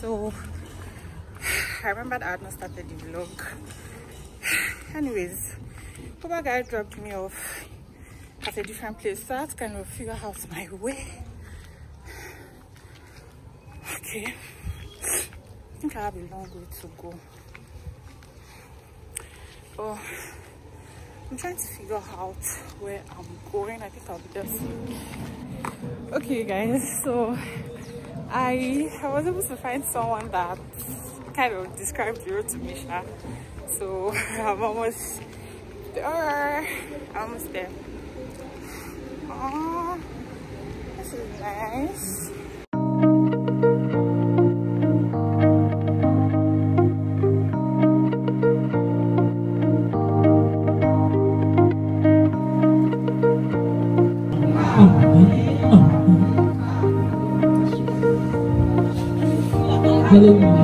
so i remembered i had not started the vlog anyways uber guy dropped me off at a different place so i had to kind of figure out my way okay i think i have a long way to go oh i'm trying to figure out where i'm going i think i'll be there soon okay guys so I, I was able to find someone that kind of described the road to Misha. So I'm almost there. almost there. Oh, this is nice.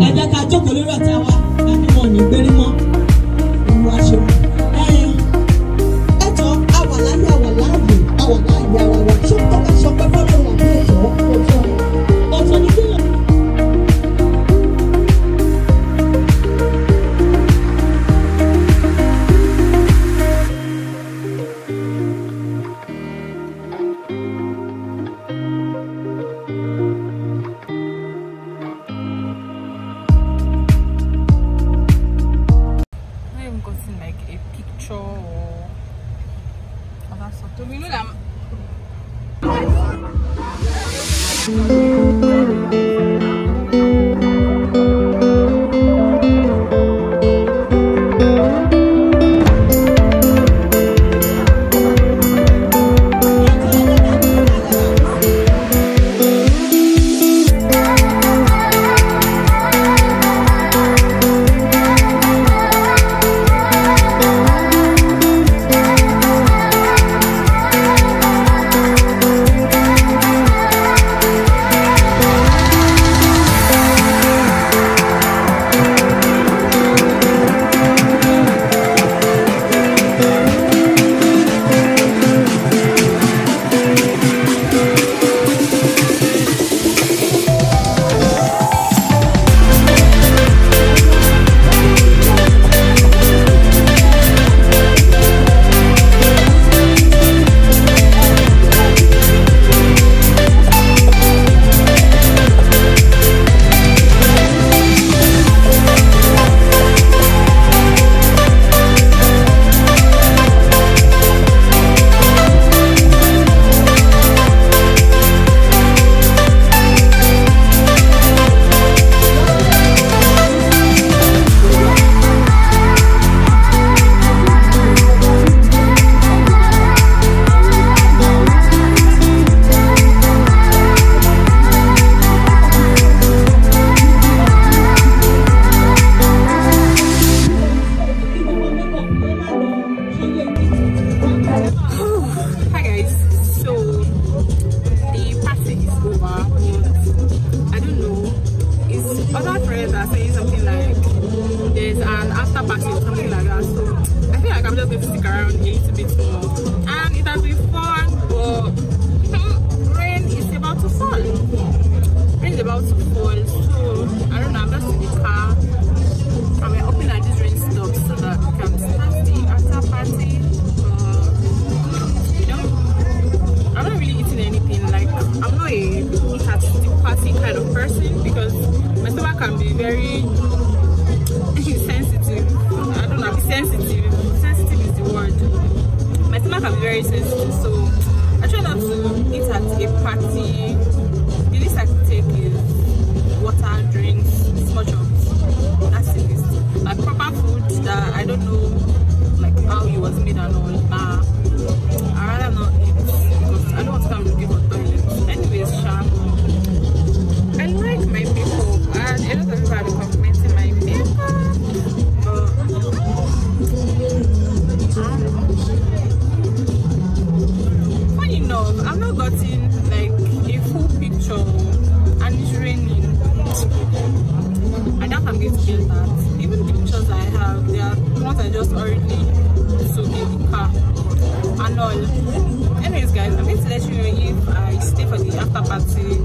ẹ jẹ́ ká jókòó lórí ọ̀tá wa ká ní wọn ò satului. Nu le-am... I'm not a whole party kind of person because my stomach can be very sensitive. I don't know, sensitive. Sensitive is the word. My stomach can be very sensitive, so I try not to eat at a party. The least I could take is water, drinks, small of That's it. Like proper food that I don't know like how it was made and all. Uh, give them that. Even pictures I have, they are ones I just already took in the car and all. Anyways guys, I'm going to let you know if I stay for the after party